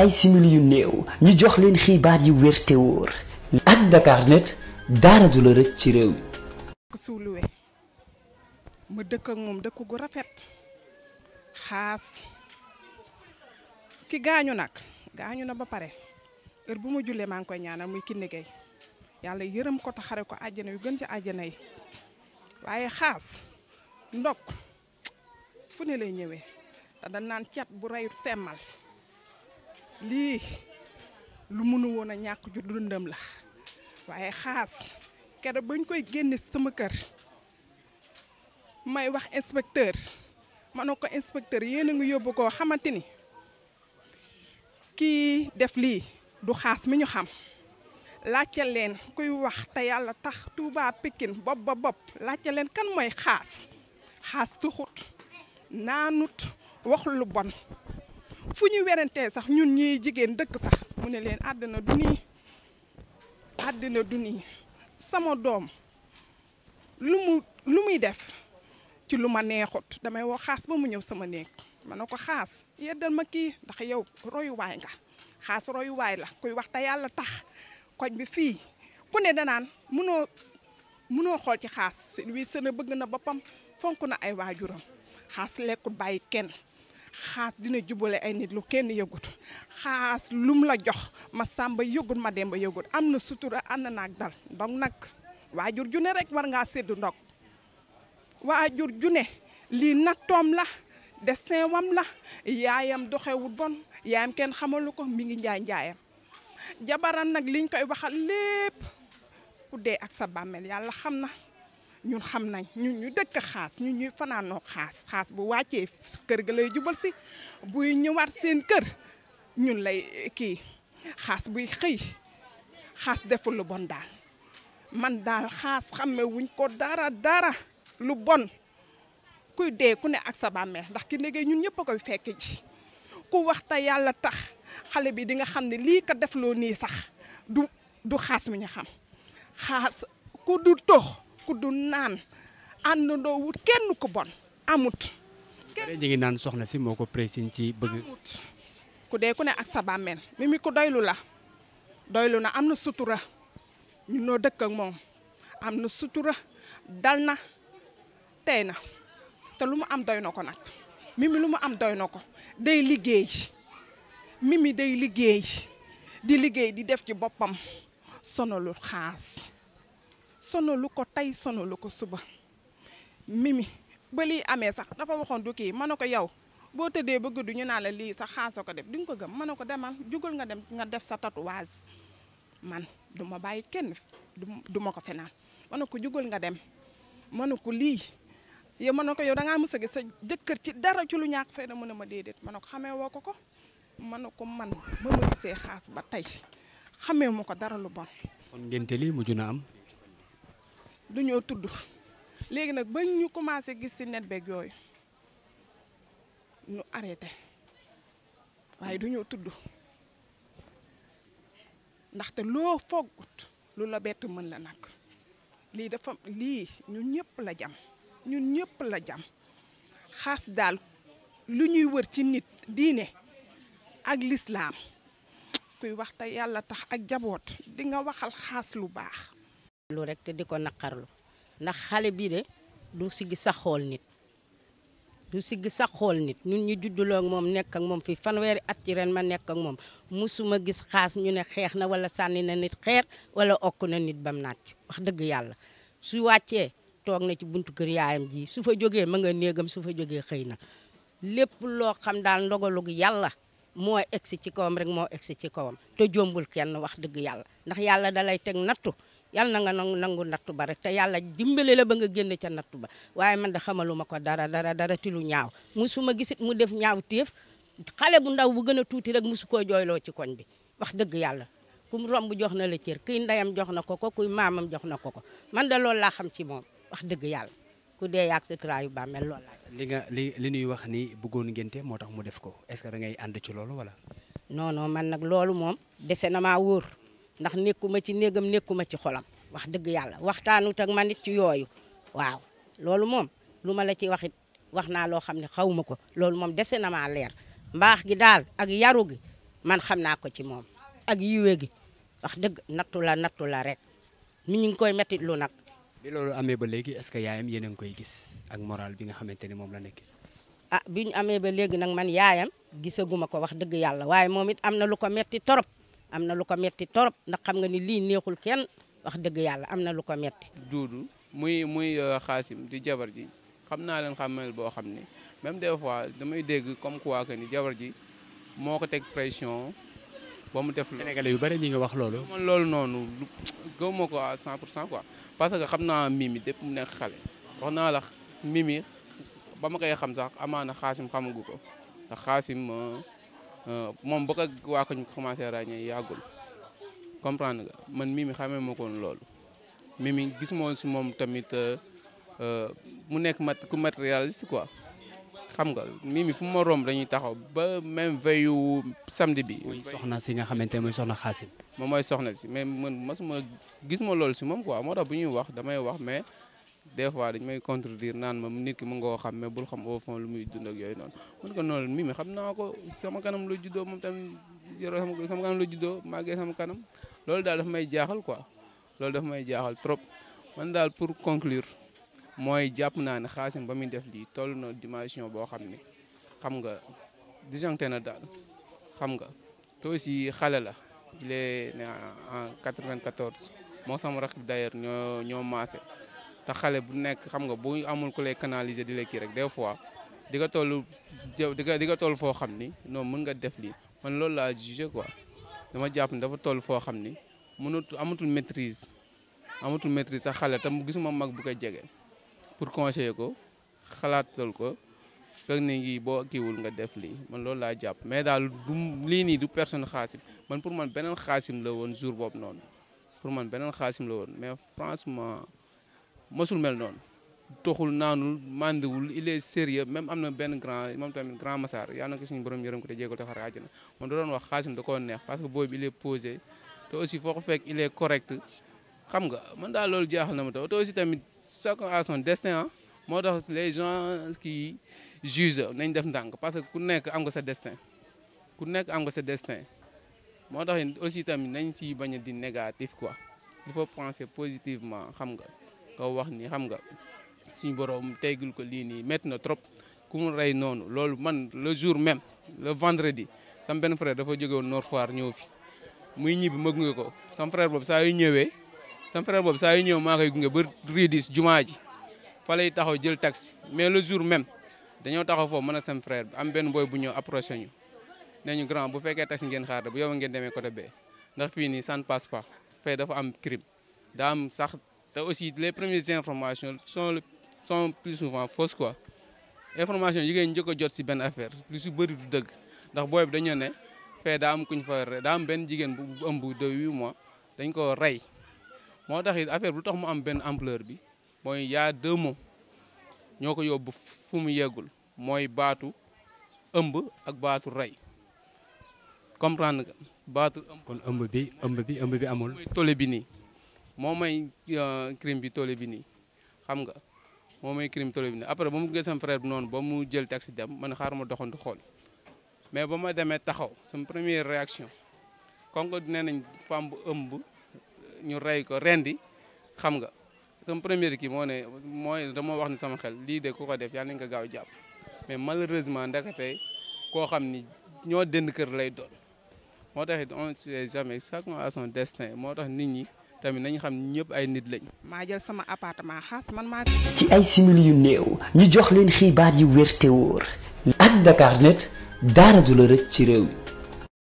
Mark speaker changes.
Speaker 1: ay simili yu néew ñu jox leen xibaar yu wér te wóor. ak daara du la rëcc ci réew mi.
Speaker 2: suuluwe ma dëkk ak moom dëkk gu rafet xaas ki gaañu nag gaañu na ba pare heure bu ma julee maa ngi koy ñaanal muy Kiné Gueye yàlla yërëm ko xare ko àjjana yu gën ci àjjana yi waaye xaas ndok fu ne lay ñëwee te dañ naan cat bu reyut semmal lii lu mënu woon ñàkk ju dundam la waaye xaas keroog bañ koy génne sama kër may wax inspecteur ma ko inspecteur yéen a ngi yóbbu koo xamante ni kii def lii du xaas mi ñu xam laajte leen kuy wax te yàlla tax Touba Pikine bopp ba bopp laajte leen kan mooy xaas xaas tuxut naanut wax lu bon fu ñuy werantee sax ñun ñuy jigéen dëkk sax mu ne leen àddina du nii àddina du nii sama doom lu mu lu muy def ci lu ma neexut damay woo xaas ba mu ñëw sama néeg ma ne ko xaas yeddal ma kii ndax yow royuwaay nga xaas royuwaay la kuy wax te yàlla tax koñ bi fii ku ne danaan munoo munoo xool ci xaas wii sën a bëgg na boppam fonk na ay waajuram xaas lekkut bàyyi kenn xaas dina jubale ay nit lu kenn yëgut xaas lum la jox ma sàmba yëgut ma demba yëgut am na sutura ànd naag dal donc nag waajur ju ne rek war ngaa séddu ndog waajur ju ne lii nattoom la destin wam la yaayam doxewut bon yaayam kenn xamalu ko mi ngi njaay njaayam jabaram nag liñ koy waxal lépp ku dee ak sa bàmmeel yàlla xam na ñun xam nañ ñun ñu dëkk xaas ñu ñuy fanaanoo xaas xaas bu wàccee kër gi lay jubal si buy ñëwaat seen kër ñun lay eh, kii xaas buy xëy xaas deful lu bon daal man daal xaas xamewuñ ko daara dara lu bon kuy dee ku ne ak sa bàmmeel ndax ki négee ñun ñëpp a koy fekk ji ku waxta yàlla tax xale bi di nga xam ne lii ko def loo nii sax du xaas mi ñu xam xaas ku du tox kuddu naan àndandoo wut kenn ku bon
Speaker 3: amut. kenn ñu ngi naan soxna si moo ko pressing ci bëgg.
Speaker 2: ku dee ku ne ak sa bàmmeel mi ko doylu la doylu na am na sutura ñun noo dëkk ak moom am na sutura dal na tey na te lu mu am doy na ko nag mi mu am doy na ko day liggéey mi day liggéey di liggéey di def ci boppam sonalul xaas lu ko tey sono lu ko suba mimi ba lii amee sax dafa waxoon du kii mën na ko yow boo tëddee ba guddi ñu naa la lii sax xaasa ko def di nga ko gëm mën na ko demal jugal nga dem nga def sa tatouage man du ma bàyyi kenn du ma ko fenaan mën ko jugal nga dem mën na ko lii yow mën na ko yow da ngaa mës a gis sa jëkkër ci dara ci lu ñàkk fay na mën a ma déedéet mën na ko xamee woo ko ko mën na ko man ba ma gisee xaas ba tey xamee mu ko dara lu bon. kon ngénte lii mujj na am. du ñoo tudd léegi nag ba ñu commencé gis ci net beeg yooyu nu arrêté waaye du ñoo tudd ndaxte loo foogut lu la bett mën la nag lii dafa lii ñun ñëpp la jam ñun ñëpp la jam xas daal lu ñuy wër ci nit diine ak lislaam kuy wax te yàlla tax ak jaboot di nga waxal xas lu baax
Speaker 1: lu rek te di ko naqarlu ndax xale bi de du siggi sax xool nit du siggi sax xool nit ñun ñu judduloo ak moom nekk ak moom fii fanweeri at ci ren ma nekk ak moom suma gis xaas ñu ne xeex na wala sànni na nit xeer wala okk na nit bam naaj wax dëgg yàlla su wàcce toog na ci buntu kër yaayam ji su fa jógee ma nga néegam su fa jógee xëy na lépp loo xam daal ndogalug yàlla moo egsi ci kawam rek moo egg si ci kawam te jombul kenn wax dëgg yàlla ndax yal na nga nangu nattu ba rek te yàlla dimbale la ba nga génn ca nattu ba waaye man da xamaluma ko dara dara dara ti lu ñaaw musuma gisit mu def ñaaw téef xale bu ndaw bu gën a tuuti rek musu koo jooyloo ci koñ bi wax dëgg yàlla ku mu romb jox na la cër kuy ndeyam jox na ko ko kuy maamam jox na ko ko man da loolu laa xam ci moom wax dëgg yàlla ku dee yaag sa traayu bàmmeel loolu laa
Speaker 3: li li li ñuy wax ni bëggoon ngénte moo tax mu def ko est-ce que da ngay ànd ci loolu wala
Speaker 1: non non man nag loolu moom dese ndax nekkuma ci néegam nekkuma ci xolam wax dëgg yàlla waxtaanut ak man it ci yooyu waaw loolu moom lu ma la ci waxit wax naa loo xam ne xaw ma ko loolu moom dese na maa leer mbaax gi daal ak yaru gi man xam naa ko ci moom ak yiwe gi wax dëgg nattu la nattu la rek mi ñu ngi koy métti lu nag.
Speaker 3: bi loolu amee ba léegi est que yaayam yéen a ngi koy gis ak moral bi nga xamante ni moom la nekk.
Speaker 1: ah bi ñu amee ba léegi nag man yaayam gisaguma ko wax dëgg yàlla waaye moom it am na lu metti torop am na lu ko metti torop ndax xam nga ni lii neexul kenn wax dëgg yàlla am na lu ko metti
Speaker 3: duudu muy muy euh, xaasim di jabar ji xam naa leen xamal boo xam ne même des fois damay dégg comme quoi que ni jabar ji moo ko teg pression ba mu def. Sénégalais yu bari ñi nga wax loolu. loolu noonu gëw ma ko à 100 pour cent quoi parce que xam naa mimi dépp mu nekk xale wax naa la mimi ba ma koy xam sax amaana xaasim xamagu ko ndax xaasim. Euh, Euh, moom ba ko waa ko ñu commencé ràññee yàggul comprendre nga man mii mi xamee ma ko loolu mii mi gis ma si moom tamit euh, euh, mu nekk mat ku matérialiste quoi xam nga mii mi fu ma romb dañuy taxaw ba même veille samedi bi. muy soxna si nga xamante ne mooy soxna Xaasim. moom mooy soxna si mais man masuma gis ma loolu si moom quoi moo tax bu ñuy wax damay wax mais. des fois dañ may contredire naan ma nit ki mën nga koo xam mais bul xam o fond lu muy dund yooyu noonu mun ko noonu mi mi xam naa ko sama kanam la juddoo moom tamit yoroo sama kanam la juddoo màggee sama kanam loolu daal dafa may jaaxal ko loolu daf may jaaxal trop man daal pour conclure mooy jàpp naa ne xaasin ba muy def lii toll na dimension boo xam ni xam nga disjoncté na daal nga te xale la il est en 94 moo sama rakk d'ailleurs ñoo ñoo te xale bu nekk xam nga bu amul ku lay canaliser di lay kii rek des fois di nga toll di nga di nga toll foo xam ni non mën nga def lii man loolu laa jugé quoi dama jàpp ni dafa toll foo xam ni mënut amatul maîtrise amatul maîtrise sax xale tam gisuma mag bu koy jege pour conseiller ko xalaatal ko fekk ni ngi boo kiiwul nga def lii man loolu laa jàpp mais daal du lii nii du personne xaasim man pour man beneen xaasim la woon jour boobu noonu pour man beneen xaasim la woon mais franchement mosul mel noonu toxul naanul màndiwul il est sérieux même am na benn grand moom tamit grand Massar yàlla na ko suñu borom yërëm te jégal te xar àjjana moom da doon wax xaasim da koo neex parce que booy il est posé te aussi foo ko fekk il est correct xam nga man daal loolu jaaxal na ma taw te aussi tamit chacun a son destin ah moo tax les gens qui jugent nañ def ndànk parce que ku nekk am nga sa destin ku nekk am nga sa destin moo tax aussi tamit nañ ci bañ a di négatif quoi il faut penser positivement xam nga. nga wax ni xam nga suñu tey teygul ko lii nii métti na trop ku mu rey noonu loolu man le jour même le vendredi sam benn frère dafa jóge woon Nord Foire ñëw fi muy ñibbi ma gunge ko sam frère boobu saa yu ñëwee sam frère boobu saa yu ñëw maa koy gunge ba Ridis jumaa ji fa lay taxaw jël taxi mais le jour même dañoo taxaw foofu mën a sam frère am benn boy bu ñëw approché ñu ne ñu grand bu fekkee taxi ngeen xaar bu yow ngeen demee ko côté bee ndax fii nii ça ne dafa am te aussi les premières information sont sont plus souvent fausses koi information yi ngeen njëkk a jot si benn affaire lu si bëri du dëgg ndax booy bi ne fee daa am kuñ fa daa am benn jigéen bu ëmb de huit mois dañ ko rey moo tax it bu tax mu am benn ampleur bi mooy yaa deux mots ñoo ko yóbbu fu mu yeggul mooy baatu ëmb ak baatu rey comprendre nga baatu ëmb. kon ëmb bi ëmb bi ëmb bi amul. mooy bi nii. moo may euh, crime bi toole bi nii xam nga moo may crime toole bi nii après ba mu gisee sama frère bi noonu ba mu jël taxi dem man xaar ma doxantu xool mais ba ma demee taxaw sama première réaction kon ko nee nañ femme bu ëmb ñu rey ko rendi xam nga sama première kii moo ne mooy dama wax ni sama xel lii de ko ko def yàlla nañ ko gaaw a jàpp mais malheureusement tey koo xam ni ñoo dend kër lay doon moo tax it on sait jamais chacun a son moo tax nit ñi. tamit nañu xam ñëpp ay nit lañ.
Speaker 2: maa jël sama appartement xaas man maa. ci
Speaker 1: ay simili yu néew ñu jox leen xibaar yu wér te wóor. ak Dakarnet dara du la rëcc ci réew mi.